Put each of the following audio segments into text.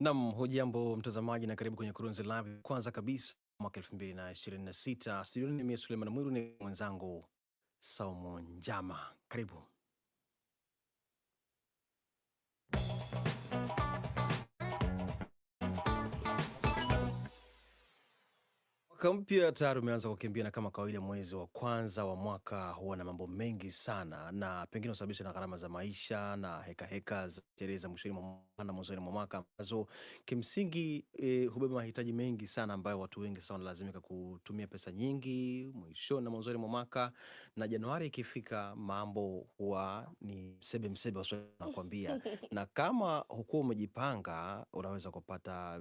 Nam, hujambo mtazamaji na karibu kwenye Kurunzi Live. Kwanza kabisa, mwaka elfu mbili na ishirini na sita studioni ni Suleiman Mwiru ni mwenzangu Saumu Njama, karibu Mwaka mpya tayari umeanza kukimbia, na kama kawaida, mwezi wa kwanza wa mwaka huwa na mambo mengi sana, na pengine husababishwa na gharama za maisha na heka heka za sherehe za mwishoni mwa mwaka na mwanzoni mwa mwaka ambazo kimsingi e, hubeba mahitaji mengi sana ambayo watu wengi sasa wanalazimika kutumia pesa nyingi mwishoni na mwanzoni mwa mwaka. Na Januari ikifika, mambo huwa ni msebe msebe, Waswahili wanakuambia, na kama hukuwa umejipanga unaweza kupata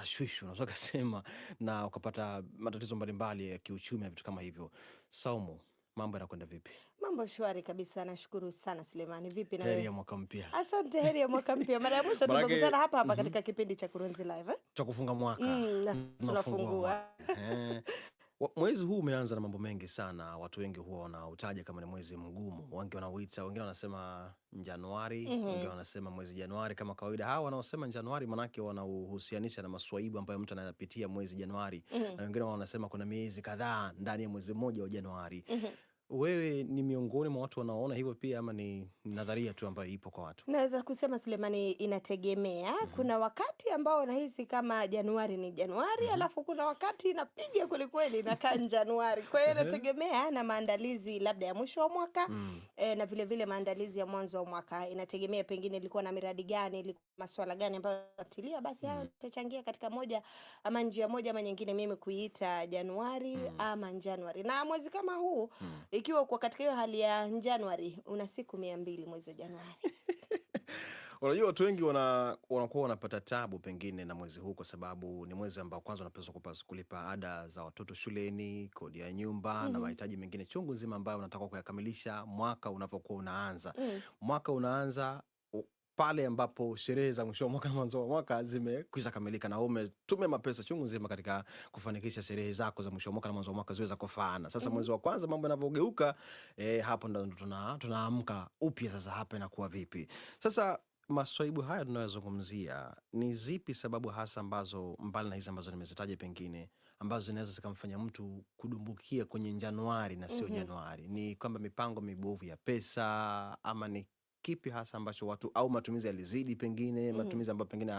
tashwishi unaweza ukasema, na ukapata matatizo mbalimbali ya kiuchumi na vitu kama hivyo. Saumu, mambo yanakwenda vipi? Mambo shwari kabisa, nashukuru sana Sulemani. Vipi na Heri ya wewe? mwaka mpya. Asante, heri ya mwaka mpya. Mara ya mwisho tumekutana hapa hapa mhm. katika kipindi cha Kurunzi Live eh? cha kufunga mwaka Mm, tunafungua eh. Mwezi huu umeanza na mambo mengi sana, watu wengi huwa wanautaja kama ni mwezi mgumu, wengi wanauita, wengine wanasema Januari, mm-hmm. wengine wanasema mwezi Januari kama kawaida. Hawa wanaosema Januari manake wanauhusianisha na maswaibu ambayo mtu anayapitia mwezi Januari, -hmm. na wengine wanasema kuna miezi kadhaa ndani ya mwezi mmoja wa Januari. -hmm. Wewe ni miongoni mwa watu wanaoona hivyo pia ama ni nadharia tu ambayo ipo kwa watu? Naweza kusema Sulemani, inategemea. mm -hmm. Kuna wakati ambao wanahisi kama Januari ni Januari, mm -hmm. alafu kuna wakati inapiga kwelikweli inakaa Januari. Kwa hiyo mhm. inategemea na maandalizi labda ya mwisho wa mwaka mm -hmm. E, na vilevile maandalizi ya mwanzo wa mwaka, inategemea pengine ilikuwa na miradi gani, ilikuwa masuala gani ambayo natilia, basi hayo mm. mm. katika moja ama njia moja ama nyingine, mimi kuiita Januari mm. ama Januari. Na mwezi kama huu mm. ikiwa kwa katika hiyo hali ya Januari, una siku mia mbili mwezi wa Januari. Unajua, watu wengi wanakuwa wanapata tabu pengine na mwezi huu, kwa sababu ni mwezi ambao kwanza unapaswa kulipa ada za watoto shuleni, kodi ya nyumba mm -hmm. na mm-hmm. mahitaji mengine chungu nzima ambayo unataka kuyakamilisha mwaka unavyokuwa unaanza mm -hmm. mwaka unaanza pale ambapo sherehe za mwisho wa mwaka na mwanzo wa mwaka zimekwisha kamilika na umetumia mapesa chungu nzima katika kufanikisha sherehe zako za mwisho wa mwaka na mwanzo wa mwaka ziweza kufaana. Sasa mhm. mwezi wa kwanza mambo yanavyogeuka, eh, hapo ndo tuna tunaamka upya sasa, hapa inakuwa vipi sasa? Maswaibu haya tunayozungumzia ni zipi sababu hasa ambazo mbali na hizi ambazo nimezitaja, pengine ambazo zinaweza zikamfanya mtu kudumbukia kwenye Januari na sio mm -hmm. Januari ni kwamba mipango mibovu ya pesa ama ni kipi hasa ambacho watu au matumizi yalizidi, pengine mm-hmm. matumizi ambayo pengine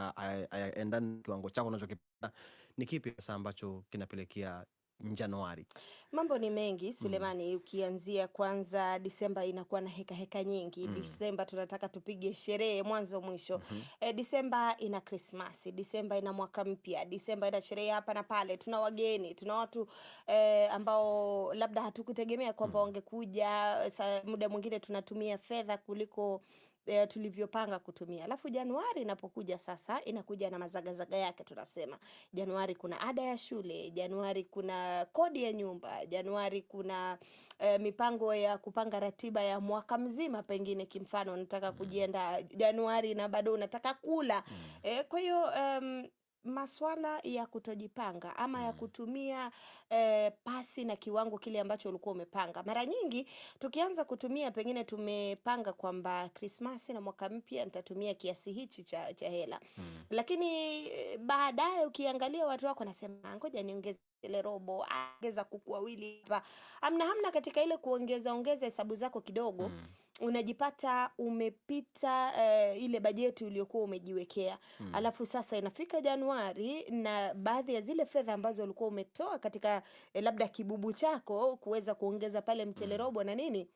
hayaendani kiwango chako unachokipata, ni kipi hasa ambacho kinapelekea Januari. Mambo ni mengi mm. Sulemani, mm. Ukianzia kwanza Disemba inakuwa na heka heka nyingi mm. Disemba tunataka tupige sherehe mwanzo mwisho mm -hmm. E, Disemba ina Krismasi, Disemba ina mwaka mpya, Disemba ina sherehe hapa na pale, tuna wageni, tuna watu e, ambao labda hatukutegemea kwamba mm. wangekuja. Muda mwingine tunatumia fedha kuliko eh, tulivyopanga kutumia. Alafu Januari inapokuja sasa inakuja na mazagazaga yake, tunasema Januari kuna ada ya shule, Januari kuna kodi ya nyumba, Januari kuna e, mipango ya kupanga ratiba ya mwaka mzima, pengine kimfano unataka mm. kujienda Januari na bado unataka kula e, kwa hiyo um, maswala ya kutojipanga ama ya mm. kutumia eh, pasi na kiwango kile ambacho ulikuwa umepanga. Mara nyingi tukianza kutumia, pengine tumepanga kwamba Krismasi na mwaka mpya nitatumia kiasi hichi cha, cha hela hmm. lakini eh, baadaye ukiangalia watu wako nasema ah, ngoja niongeze ile robo ongeza kuku wawili hapa, amna hamna katika ile kuongeza ongeza hesabu zako kidogo mm. Unajipata umepita uh, ile bajeti uliyokuwa umejiwekea mm. Alafu sasa inafika Januari na baadhi ya zile fedha ambazo ulikuwa umetoa katika eh, labda kibubu chako kuweza kuongeza pale mchele mm. robo na nini,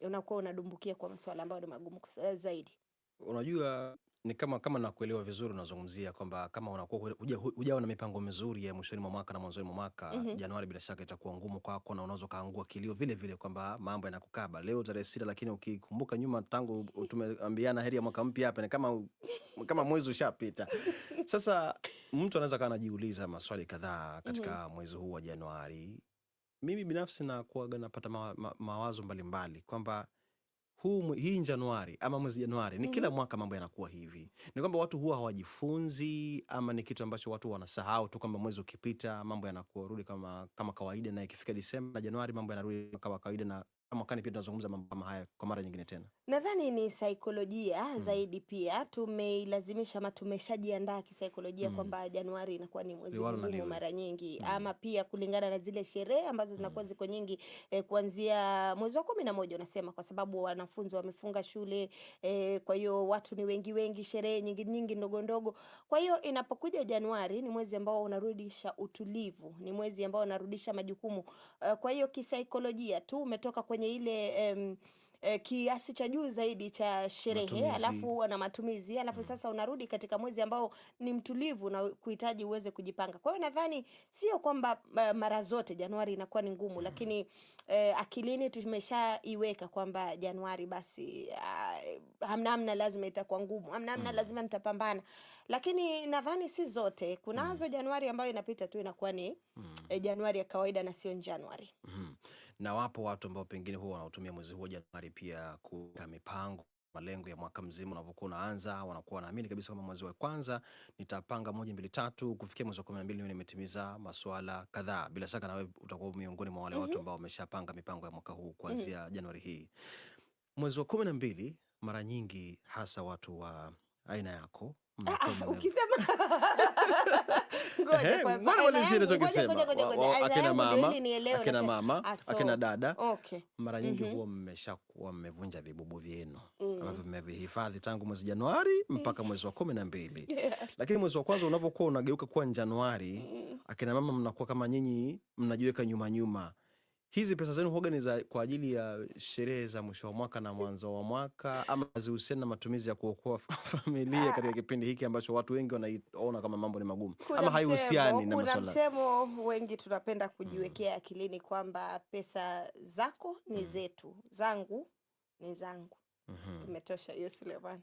unakuwa unadumbukia kwa masuala ambayo ni magumu eh, zaidi. Unajua ni kama kama nakuelewa vizuri unazungumzia kwamba kama unakuwa hujawa na mipango mizuri ya mwishoni mwa mwaka na mwanzoni mwa mwaka, -hmm. Januari bila shaka itakuwa ngumu kwako na unaweza ukaangua kilio vile vile kwamba mambo yanakukaba leo tarehe sita, lakini ukikumbuka nyuma tangu tumeambiana heri ya mwaka mpya hapa ni kama kama mwezi ushapita. Sasa mtu anaweza akawa anajiuliza maswali kadhaa mm katika mhm. mwezi huu wa Januari. Mimi binafsi nakuwaga napata ma, mawazo mbalimbali kwamba huu hii Januari ama mwezi Januari ni mm -hmm. Kila mhm. mwaka mambo yanakuwa hivi, ni kwamba watu huwa hawajifunzi ama ni kitu ambacho watu wanasahau tu kwamba mwezi ukipita mambo rudi kama, kama kawaida, na ikifika Disemba na Januari mambo yanarudi kama kawaida, na mwakani pia tunazungumza mambo kama haya kwa mara nyingine tena. Nadhani ni saikolojia mm. zaidi pia tumeilazimisha ama tumeshajiandaa kisaikolojia mm. kwamba Januari inakuwa ni mwezi mgumu mara nyingi mm. ama pia kulingana na zile sherehe ambazo zinakuwa mm. ziko nyingi eh, kuanzia mwezi wa kumi na moja unasema, kwa sababu wanafunzi wamefunga shule eh, kwa hiyo watu ni wengi wengi, sherehe nyingi nyingi ndogo ndogo. Kwa hiyo inapokuja Januari ni mwezi ambao unarudisha utulivu, ni mwezi ambao unarudisha majukumu eh, kwa hiyo kisaikolojia tu umetoka kwenye ile em, eh, kiasi cha juu zaidi cha sherehe matumizi. Alafu na matumizi alafu mm. Sasa unarudi katika mwezi ambao ni mtulivu na kuhitaji uweze kujipanga. Kwa hiyo nadhani sio kwamba eh, mara zote Januari inakuwa ni ngumu mm. Lakini eh, akilini tumeshaiweka kwamba Januari basi ah, hamna hamna lazima itakuwa ngumu, hamna hamna mm. lazima nitapambana, lakini nadhani si zote kunazo mm. Januari ambayo inapita tu inakuwa ni mm. eh, Januari ya kawaida na sio Januari mm na wapo watu ambao pengine huwa wanaotumia mwezi huu wa Januari pia kuweka mipango malengo ya mwaka mzima unavyokuwa unaanza, wanakuwa wanaamini kabisa kwamba mwezi wa kwanza nitapanga moja mbili tatu, kufikia mwezi wa kumi na mbili niwe nimetimiza masuala kadhaa. Bila shaka nawe utakuwa miongoni mwa wale mm -hmm. watu mm-hmm. ambao wameshapanga mipango ya mwaka huu mm-hmm. kuanzia mm -hmm. Januari hii. Mwezi wa kumi na mbili mara nyingi hasa watu wa aina yako Ah, akina mama ah, akina dada okay. Mara nyingi mm -hmm. mmeshakuwa mmevunja vibubu vyenu mm. ambavyo mmevihifadhi tangu mwezi Januari mpaka mm. mwezi wa kumi na mbili yeah. Lakini mwezi wa kwanza unavyokuwa unageuka kuwa Januari mm. akina mama mnakuwa kama nyinyi mnajiweka nyuma nyuma hizi pesa zenu huwaga ni za kwa ajili ya sherehe za mwisho wa mwaka na mwanzo wa mwaka, ama zihusiana na matumizi ya kuokoa familia katika kipindi hiki ambacho watu wengi wanaona kama mambo ni magumu, kuna ama haihusiani na masuala? Kuna msemo wengi tunapenda kujiwekea mm, akilini kwamba pesa zako ni mm, zetu, zangu ni zangu. mm -hmm. Imetosha hiyo Suleiman,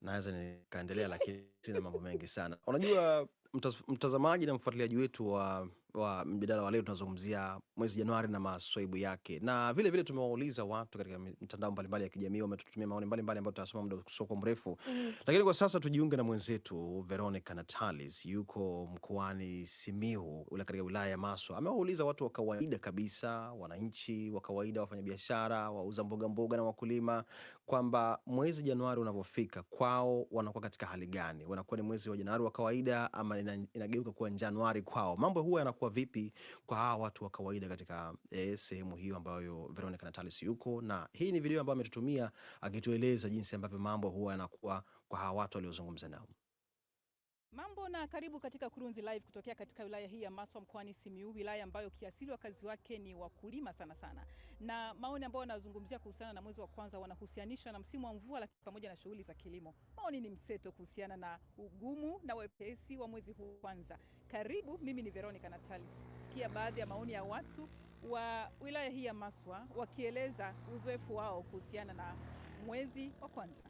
naweza nikaendelea, lakini sina mambo mengi sana. Unajua mtaz, mtazamaji na mfuatiliaji wetu wa wa mjadala wa leo tunazungumzia mwezi Januari na maswaibu yake, na vile vile tumewauliza watu katika mitandao mbalimbali ya kijamii, wametutumia maoni mbalimbali ambayo tutasoma muda usioko mrefu mm. Lakini kwa sasa tujiunge na mwenzetu Veronica Natalis, yuko mkoani Simiu ule katika wilaya ya Maswa. Amewauliza watu wa kawaida kabisa, wananchi wa kawaida, wafanyabiashara, wauza mboga mboga na wakulima, kwamba mwezi Januari unavyofika kwao wanakuwa katika hali gani? Wanakuwa ni mwezi wa Januari wa kawaida ama inageuka kuwa Januari kwao? Mambo huwa yanakuwa itakuwa vipi kwa hawa watu wa kawaida katika eh, sehemu hiyo ambayo Veronica Natalis yuko, na hii ni video ambayo ametutumia akitueleza jinsi ambavyo mambo huwa yanakuwa kwa hawa watu waliozungumza nao. Mambo na karibu katika Kurunzi Live kutokea katika wilaya hii ya Maswa mkoani Simiyu, wilaya ambayo kiasili wakazi wake ni wakulima sana sana, na maoni ambayo wanazungumzia kuhusiana na mwezi wa kwanza wanahusianisha na msimu wa mvua, lakini pamoja na shughuli za kilimo. Maoni ni mseto kuhusiana na ugumu na wepesi wa mwezi huu kwanza. Karibu, mimi ni Veronica Natalis. Sikia baadhi ya maoni ya watu wa wilaya hii ya Maswa wakieleza uzoefu wao kuhusiana na mwezi wa kwanza.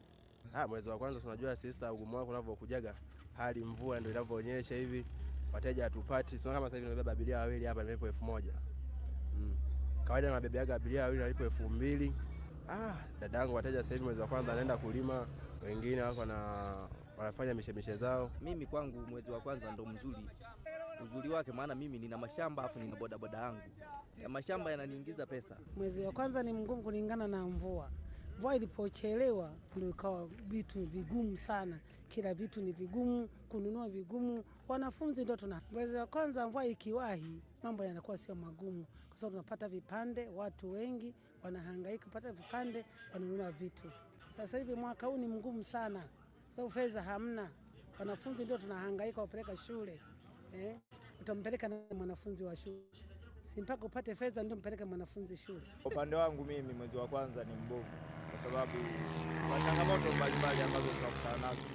Ha, mwezi wa kwanza tunajua sista ugumu wako unavyokujaga hali mvua ndio inavyoonyesha hivi, wateja hatupati. Sio kama sasa hivi nimebeba abiria wawili hapa nilipo elfu moja mm. kawaida nabebeaga abiria wawili nalipo elfu mbili Ah, dadangu wateja sasa hivi mwezi wa kwanza anaenda kulima, wengine wako na wanafanya mishemishe zao. Mimi kwangu mwezi wa kwanza ndo mzuri uzuri wake, maana mimi nina mashamba afu nina bodaboda yangu ya mashamba yananiingiza pesa. Mwezi wa kwanza ni mgumu kulingana na mvua mvua ilipochelewa ndio ikawa vitu vigumu sana, kila vitu ni vigumu, kununua vigumu. Wanafunzi ndio tuna mwezi wa kwanza, mvua ikiwahi mambo yanakuwa sio magumu, kwa sababu tunapata vipande. Watu wengi wanahangaika kupata vipande, wanunua vitu. Sasa hivi mwaka huu ni mgumu sana, sababu fedha hamna, wanafunzi ndio tunahangaika kupeleka shule eh, utampeleka na mwanafunzi wa shule si mpaka upate fedha ndio mpeleke mwanafunzi shule. Upande wangu mimi mwezi wa kwanza ni mbovu, kwa sababu kwa changamoto mbalimbali ambazo tunakutana nazo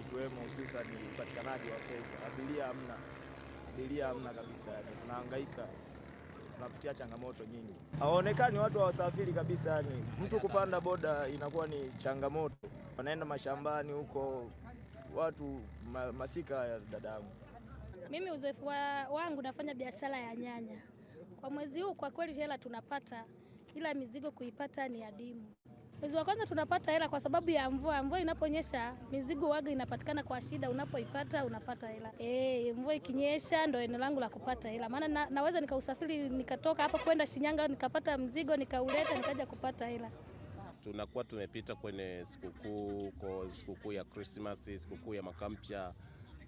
ikiwemo e, ni upatikanaji wa fedha. Abiria hamna, abiria hamna kabisa, yani tunahangaika tunapitia changamoto nyingi, hawaonekani watu hawasafiri kabisa. Yani mtu kupanda boda inakuwa ni changamoto, wanaenda mashambani huko watu ma, masika ya dadangu. Mimi uzoefu wa, wangu nafanya biashara ya nyanya kwa mwezi huu kwa kweli hela tunapata, ila mizigo kuipata ni adimu. Mwezi wa kwanza tunapata hela kwa sababu ya mvua. Mvua inaponyesha mizigo waga inapatikana kwa shida, unapoipata unapata hela. E, mvua ikinyesha ndo eneo langu la kupata hela, maana na, naweza nikausafiri nikatoka hapa kwenda Shinyanga nikapata mzigo nikauleta nikaja kupata hela. Tunakuwa tumepita kwenye sikukuu, sikukuu ya Krismasi, sikukuu ya makampya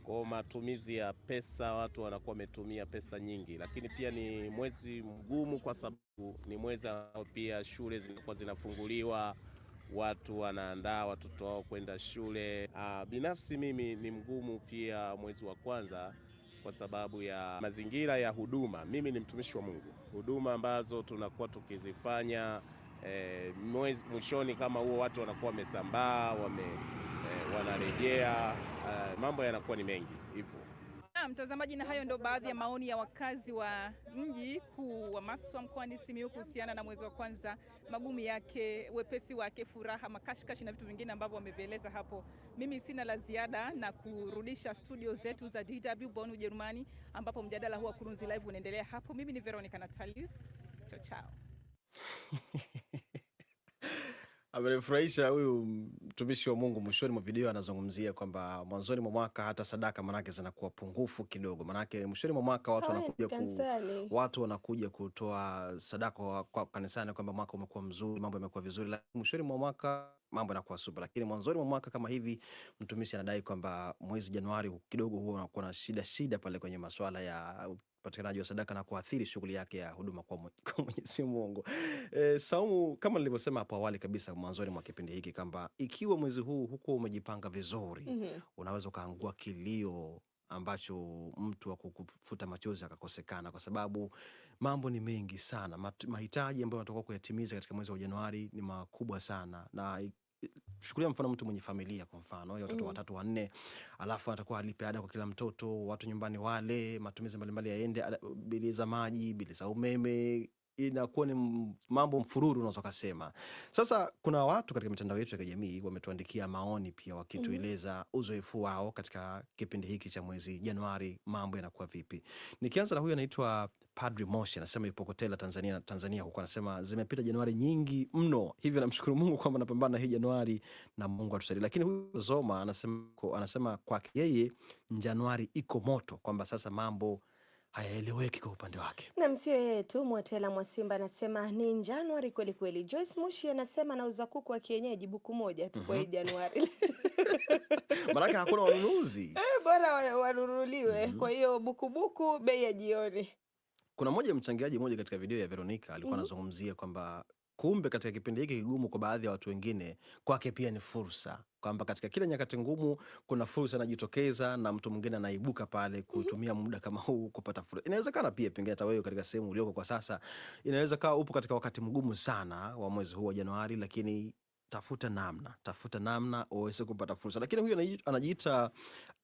kwa matumizi ya pesa, watu wanakuwa wametumia pesa nyingi, lakini pia ni mwezi mgumu, kwa sababu ni mwezi ambao pia shule zinakuwa zinafunguliwa, watu wanaandaa watoto wao kwenda shule. Aa, ah, binafsi mimi ni mgumu pia mwezi wa kwanza kwa sababu ya mazingira ya huduma. Mimi ni mtumishi wa Mungu, huduma ambazo tunakuwa tukizifanya e, mwezi mwishoni kama huo, watu wanakuwa wamesambaa wame wanarejea, uh, mambo yanakuwa ni mengi hivyo. mtazamaji, na hayo ndio baadhi ya maoni ya wakazi wa mji huu wa Maswa mkoani simiu kuhusiana na mwezi wa kwanza, magumu yake, wepesi wake, furaha, makashikashi na vitu vingine ambavyo wamevieleza hapo. Mimi sina la ziada na kurudisha studio zetu za DW Bonn, Ujerumani, ambapo mjadala huu wa Kurunzi Live unaendelea hapo. Mimi ni Veronica Natalis, chao chao. Amenifurahisha huyu mtumishi wa Mungu, mwishoni mwa video anazungumzia kwamba mwanzoni mwa mwaka hata sadaka manake zinakuwa pungufu kidogo, manake mwishoni mwa mwaka watu wanakuja ku, watu wanakuja kutoa sadaka kwa kanisani kwamba mwaka umekuwa mzuri, mambo yamekuwa vizuri, lakini mwishoni mwa mwaka mambo yanakuwa super, lakini mwanzoni mwa mwaka kama hivi, mtumishi anadai kwamba mwezi Januari kidogo huwa unakuwa na shida shida pale kwenye masuala ya upatikanaji wa sadaka na kuathiri shughuli yake ya huduma kwa Mwenyezi Mungu. E, saumu kama nilivyosema hapo awali kabisa mwanzoni mwa kipindi hiki kwamba ikiwa mwezi huu huku umejipanga vizuri mm -hmm. unaweza ukaangua kilio ambacho mtu wa kukufuta machozi akakosekana, kwa sababu mambo ni mengi sana. Mahitaji ambayo unatoka kuyatimiza katika mwezi wa Januari ni makubwa sana na Chukulia mfano mtu mwenye familia kwa mfano ya watoto mm. watatu wanne, alafu atakuwa alipe ada kwa kila mtoto, watu nyumbani wale, matumizi mbalimbali yaende, bili za maji, bili za umeme, inakuwa ni mambo mfururu unaweza kusema. Sasa kuna watu katika mitandao yetu ya kijamii wametuandikia maoni pia wakitueleza mm -hmm. uzoefu wao katika kipindi hiki cha mwezi Januari, mambo yanakuwa vipi? Nikianza na huyu anaitwa Padri Moshi, anasema yupo Kotela, Tanzania, Tanzania huko, anasema zimepita Januari nyingi mno, hivyo namshukuru Mungu kwamba napambana hii Januari na Mungu atusaidie. Lakini huyu Zoma anasema, anasema kwake yeye Januari iko moto, kwamba sasa mambo hayaeleweki kwa upande wake. Na msio yeye tu, Mwatela Mwasimba anasema ni Januari kweli kweli. Joyce Mushi anasema nauza kuku wa kienyeji buku moja tu kwa hii mhm. Januari maanake hakuna wanunuzi eh, bora wanunuliwe. Mhm. Kwa hiyo bukubuku bei ya jioni. Kuna moja mchangiaji mmoja katika video ya Veronica alikuwa mhm. anazungumzia kwamba kumbe katika kipindi hiki kigumu kwa baadhi ya watu wengine, kwake pia ni fursa kwamba katika kila nyakati ngumu kuna fursa inajitokeza na mtu mwingine anaibuka pale kutumia mm-hmm. muda kama huu kupata fursa. Inawezekana pia pengine hata wewe katika sehemu ulioko kwa sasa, inaweza kawa upo katika wakati mgumu sana wa mwezi huu wa Januari, lakini tafuta namna, tafuta namna uweze kupata fursa. Lakini huyo anajiita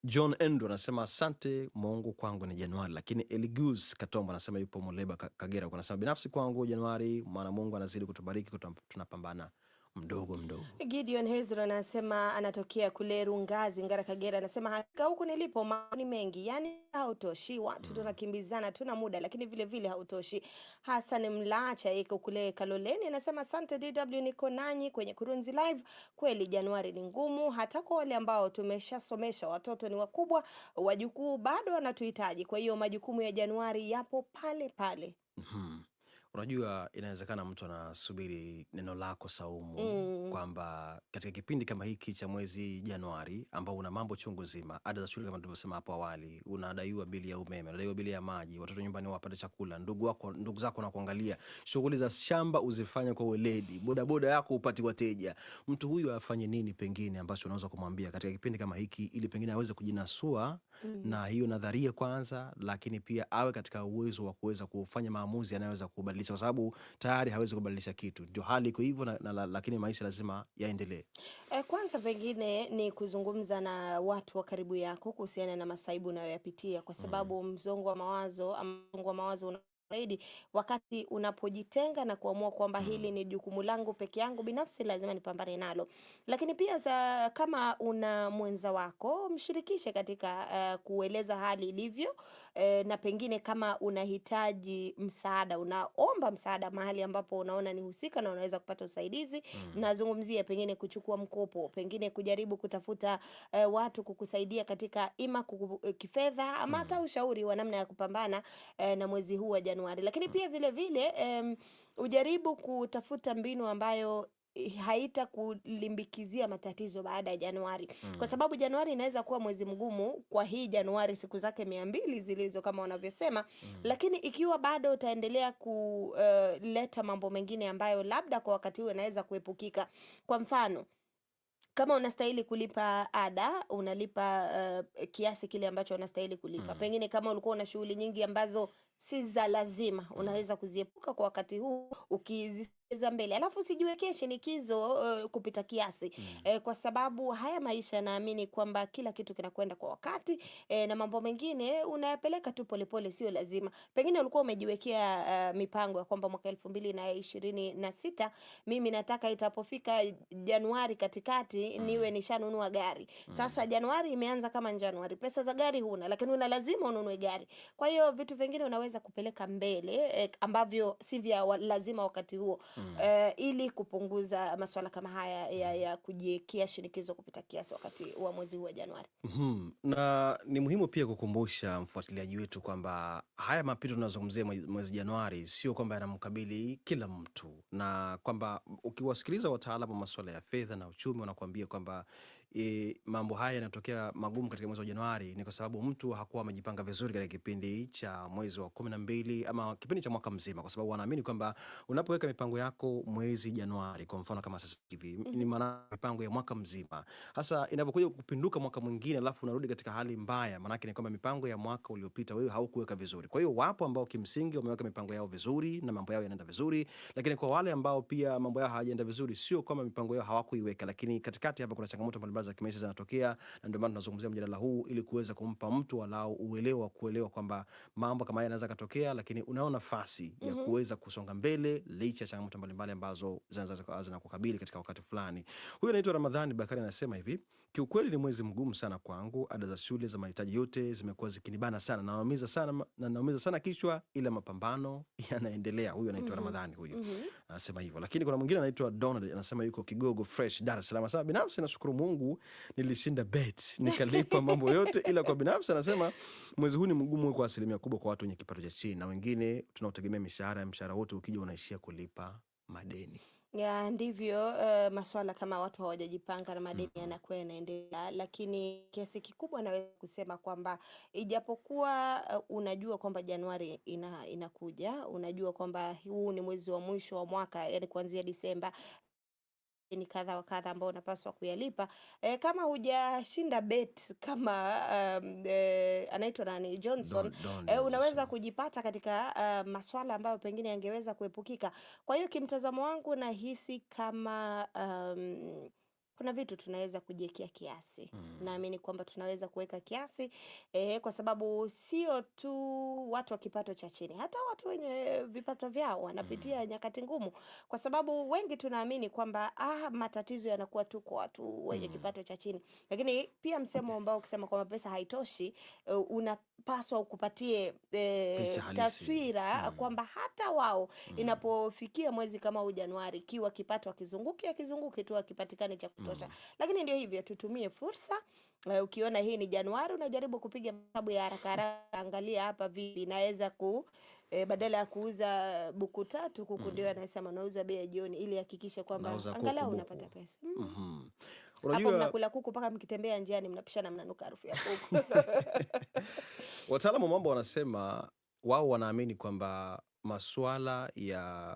John Endo anasema asante Mungu, kwangu ni Januari. Lakini Eligus Katomba anasema yupo Muleba, Kagera, anasema binafsi kwangu Januari, maana Mungu anazidi kutubariki, tunapambana mdogo mdogo. Gideon Hezron anasema anatokea kule Rungazi, Ngara, Kagera. Anasema hakika huku nilipo maoni mengi, yani hautoshi watu mm. tunakimbizana, tuna muda lakini vile vile hautoshi. Hassan Mlacha yuko kule Kaloleni anasema asante DW, niko nanyi kwenye Kurunzi Live. Kweli Januari ni ngumu, hata kwa wale ambao tumeshasomesha watoto ni wakubwa, wajukuu bado wanatuhitaji. Kwa hiyo majukumu ya Januari yapo pale pale. mm -hmm. Unajua, inawezekana mtu anasubiri neno lako saumu, Mm. kwamba katika kipindi kama hiki cha mwezi Januari ambao una mambo chungu zima, ada za shule kama tulivyosema hapo awali, unadaiwa bili ya umeme, unadaiwa bili ya maji, watoto nyumbani wapate chakula, ndugu wako, ndugu zako kuangalia shughuli za shamba uzifanye kwa weledi, bodaboda yako upati wateja. Mtu huyu afanye nini pengine ambacho unaweza kumwambia katika kipindi kama hiki, ili pengine aweze kujinasua Mm. na hiyo nadharia kwanza, lakini pia awe katika uwezo wa kuweza kufanya maamuzi yanayoweza kubadilisha, kwa sababu tayari hawezi kubadilisha kitu, ndio hali iko hivyo na, na, lakini maisha lazima yaendelee. E, kwanza pengine ni kuzungumza na watu wa karibu yako kuhusiana na masaibu unayoyapitia, kwa mm. sababu mm. msongo wa mawazo, msongo wa mawazo una zaidi wakati unapojitenga na kuamua kwamba hili mm. ni jukumu langu peke yangu binafsi, lazima nipambane nalo. Lakini pia za, kama una mwenza wako mshirikishe katika uh, kueleza hali ilivyo eh, na pengine kama unahitaji msaada, unaomba msaada mahali ambapo unaona ni husika na unaweza kupata usaidizi. mm. Nazungumzia pengine kuchukua mkopo, pengine kujaribu kutafuta uh, watu kukusaidia katika ima eh, kifedha ama mm. hata mm. ushauri wa namna ya kupambana uh, na mwezi huu wa Januari, lakini pia vile vile um, ujaribu kutafuta mbinu ambayo eh, haita kulimbikizia matatizo baada ya Januari mm. Kwa sababu Januari inaweza kuwa mwezi mgumu kwa hii Januari siku zake mia mbili zilizo kama wanavyosema mm. Lakini ikiwa bado utaendelea kuleta eh, uh, mambo mengine ambayo labda kwa wakati huo inaweza kuepukika, kwa mfano kama unastahili kulipa ada unalipa uh, kiasi kile ambacho unastahili kulipa mm. Pengine kama ulikuwa una shughuli nyingi ambazo si za lazima, mm-hmm. unaweza kuziepuka kwa wakati huu ukizi za mbele alafu usijiwekee shinikizo uh, kupita kiasi mm. Eh, kwa sababu haya maisha naamini kwamba kila kitu kinakwenda kwa wakati eh, na mambo mengine unayapeleka tu polepole, sio lazima. Pengine ulikuwa umejiwekea uh, mipango ya kwamba mwaka elfu mbili na ishirini na sita mimi nataka itapofika Januari katikati mm. niwe nishanunua gari mm. Sasa Januari imeanza kama Januari, pesa za gari huna, lakini una lazima ununue gari. Kwa hiyo vitu vingine unaweza kupeleka mbele eh, ambavyo si vya lazima wakati huo mm mm. uh, ili kupunguza masuala kama haya ya, ya kujiekea shinikizo kupita kiasi wakati wa mwezi huu wa Januari. mm -hmm. Na ni muhimu pia kukumbusha mfuatiliaji wetu kwamba haya mapito tunazungumzia mwezi Januari sio kwamba yanamkabili kila mtu, na kwamba ukiwasikiliza wataalamu wa masuala ya fedha na uchumi wanakuambia kwamba e, mambo haya yanatokea magumu katika mwezi wa Januari ni kwa sababu mtu hakuwa amejipanga vizuri katika kipindi cha mwezi wa kumi na mbili ama kipindi cha mwaka mzima, kwa sababu wanaamini kwamba unapoweka mipango yako mwezi Januari kwa mfano kama sasa hivi mm -hmm. ni maana mipango ya mwaka mzima. hasa inapokuja kupinduka mwaka mwingine, alafu unarudi katika hali mbaya, maanake ni kwamba mipango ya mwaka uliopita wewe haukuweka vizuri. Kwa hiyo wapo ambao kimsingi wameweka mipango yao vizuri na mambo yao yanaenda vizuri, lakini kwa wale ambao pia mambo yao hayajaenda vizuri, sio kwamba mipango yao hawakuiweka, lakini katikati hapa kuna changamoto mbalimbali za kimaisha zinatokea, na ndio maana tunazungumzia mjadala huu ili kuweza kumpa mtu walau uelewa, wa kuelewa kwamba mambo kama haya yanaweza katokea, lakini unao nafasi mm -hmm. ya mhm. kuweza kusonga mbele licha ya changamoto mbalimbali ambazo zinazokabili katika wakati fulani. Huyu anaitwa Ramadhani Bakari anasema hivi Kiukweli ni mwezi mgumu sana kwangu. Ada za shule za mahitaji yote zimekuwa zikinibana sana, naumiza sana na naumiza sana kichwa, ila mapambano yanaendelea. Huyu anaitwa mm -hmm. Ramadhani huyu mm -hmm. anasema hivyo, lakini kuna mwingine anaitwa Donald anasema yuko Kigogo Fresh, Dar es Salaam. Sasa binafsi nashukuru Mungu nilishinda bet nikalipa mambo yote, ila kwa binafsi anasema mwezi huu ni mgumu kwa asilimia kubwa kwa watu wenye kipato cha chini na wengine tunaotegemea mishahara, mshahara wote ukija unaishia kulipa madeni. Ya, ndivyo uh, e, masuala kama watu hawajajipanga na madeni mm-hmm. yanakuwa yanaendelea, lakini kiasi kikubwa naweza kusema kwamba ijapokuwa uh, unajua kwamba Januari ina, inakuja, unajua kwamba huu ni mwezi wa mwisho wa mwaka, yani kuanzia Disemba ni kadha wa kadha ambao unapaswa kuyalipa e, kama hujashinda bet kama um, e, anaitwa nani Johnson don, don, e, unaweza kujipata katika uh, maswala ambayo pengine yangeweza kuepukika. Kwa hiyo kimtazamo wangu nahisi kama um, kuna vitu tunaweza kujiekea kiasi mm. Naamini kwamba tunaweza kuweka kiasi e, kwa sababu sio tu watu wa kipato cha chini, hata watu wenye vipato vyao wanapitia mm. nyakati ngumu, kwa sababu wengi tunaamini kwamba ah, matatizo yanakuwa tu kwa watu wenye mm. kipato cha chini, lakini pia msemo ambao ukisema kwamba pesa haitoshi, uh, eh, una paswa ukupatie e, taswira mm. kwamba hata wao mm. inapofikia mwezi kama huu Januari, kiwa kipato akizunguki akizunguki tu akipatikane cha kutosha mm. Lakini ndio hivyo, tutumie fursa. Uh, ukiona hii ni Januari, unajaribu kupiga mabu ya haraka haraka, angalia hapa vipi naweza ku e, badala ya kuuza buku tatu kuku ndio mm-hmm. anasema unauza bei ya jioni, ili hakikisha kwamba angalau unapata pesa mm. mm -hmm. Unajua... hapo mnakula kuku mpaka mkitembea njiani mnapishana, mnanuka harufu ya kuku wataalamu wa mambo wanasema wao wanaamini kwamba masuala ya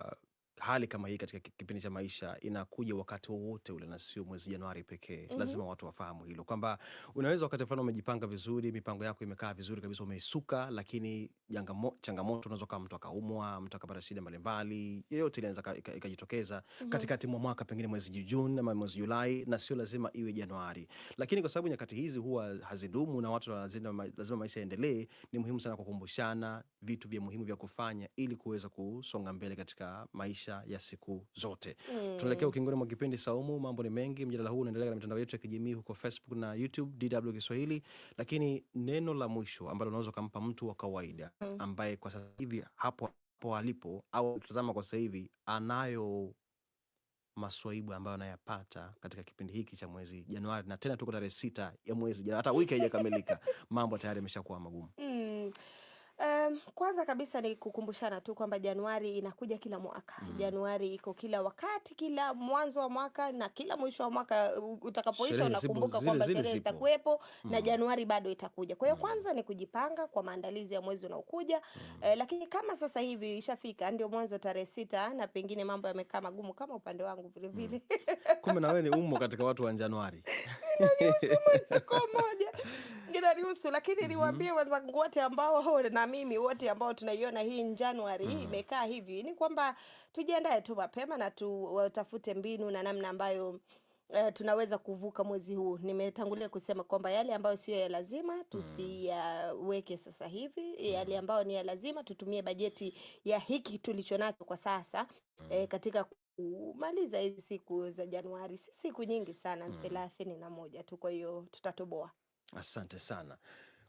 hali kama hii katika kipindi cha maisha inakuja wakati wowote ule na sio mwezi Januari pekee. mm -hmm. Lazima watu wafahamu hilo kwamba unaweza wakati fulani umejipanga vizuri, mipango yako imekaa vizuri kabisa, umeisuka, lakini jangamo, changamoto unaweza kama mtu akaumwa, mtu akapata shida mbalimbali, yeyote inaweza ikajitokeza mm -hmm. katikati mwa mwaka, pengine mwezi Juni ama mwezi Julai, na sio lazima iwe Januari, lakini kwa sababu nyakati hizi huwa hazidumu na watu lazima, lazima maisha yaendelee, ni muhimu sana kukumbushana vitu vya muhimu vya kufanya ili kuweza kusonga mbele katika maisha maisha ya siku zote. Mm. Tunaelekea ukingoni mwa kipindi Saumu, mambo ni mengi. Mjadala huu unaendelea na mitandao yetu ya kijamii huko Facebook na YouTube DW Kiswahili, lakini neno la mwisho ambalo unaweza ukampa mtu wa kawaida mm. ambaye kwa sasa hivi hapo hapo alipo au tazama kwa sasa hivi anayo maswaibu ambayo anayapata katika kipindi hiki cha mwezi Januari, na tena tuko tarehe sita ya mwezi Januari, hata wiki haijakamilika, mambo tayari yameshakuwa magumu mm. Um, kwanza kabisa ni kukumbushana tu kwamba Januari inakuja kila mwaka. Mm. Januari iko kila wakati, kila mwanzo wa mwaka na kila mwisho wa mwaka utakapoisha unakumbuka kwamba sherehe zitakuwepo mm. na Januari bado itakuja. Kwa hiyo mm. kwanza ni kujipanga kwa maandalizi ya mwezi unaokuja. Mm. Eh, lakini kama sasa hivi ishafika ndio mwanzo tarehe sita na pengine mambo yamekaa magumu kama upande wangu vile vile. Mm. Kumbe na wewe ni umo katika watu wa Januari. moja. inanihusu, lakini mhm. niwaambie wenzangu wote ambao na mimi wote ambao tunaiona hii Januari hii mhm. imekaa hivi, ni kwamba tujiandae tu mapema na tutafute mbinu na namna ambayo Uh, tunaweza kuvuka mwezi huu. Nimetangulia kusema kwamba yale ambayo siyo ya lazima mhm. tusiyaweke uh, sasa hivi. Yale ambayo ni ya lazima tutumie bajeti ya hiki tulichonacho kwa sasa eh, katika kumaliza hizi siku za Januari. Si siku nyingi sana, thelathini na moja tu, kwa hiyo tutatoboa. Asante sana.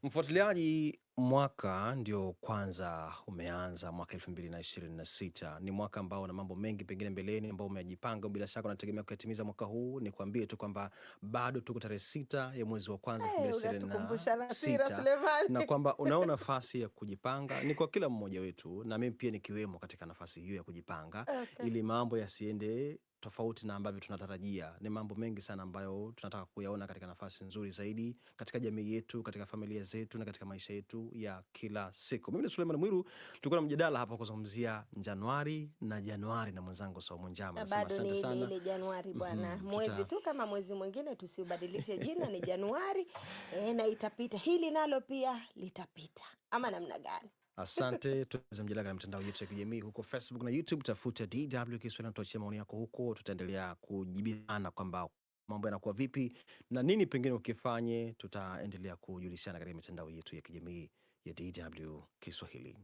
Mfuatiliaji, mwaka ndio kwanza umeanza, mwaka elfu mbili na ishirini na sita ni mwaka ambao una mambo mengi pengine mbeleni, ambao umejipanga, bila shaka unategemea kuyatimiza mwaka huu. ni kuambie tu kwamba bado tuko tarehe sita ya mwezi wa kwanza elfu mbili Hey, eh, ishirini na sita na kwamba unao nafasi ya kujipanga, ni kwa kila mmoja wetu, na mimi pia nikiwemo katika nafasi hiyo ya kujipanga, Okay. ili mambo yasiende tofauti na ambavyo tunatarajia. Ni mambo mengi sana ambayo tunataka kuyaona katika nafasi nzuri zaidi katika jamii yetu, katika familia zetu na katika maisha yetu ya kila siku. Mimi ni Suleiman Mwiru, tulikuwa na mjadala hapa kuzungumzia Januari na Januari na mwenzangu Saumu Njama. Bado ni ile ile Januari bwana, mm -hmm, mwezi tu kama mwezi mwingine, tusiubadilishe jina ni Januari e, na itapita hili nalo pia litapita, ama namna gani? Asante, tuweze mjadala katika mitandao yetu ya kijamii huko Facebook na YouTube, tafuta DW Kiswahili na tuachie maoni yako huko. Tutaendelea kujibizana kwamba mambo yanakuwa vipi na nini pengine ukifanye. Tutaendelea kujulishana katika mitandao yetu ya kijamii ya DW Kiswahili.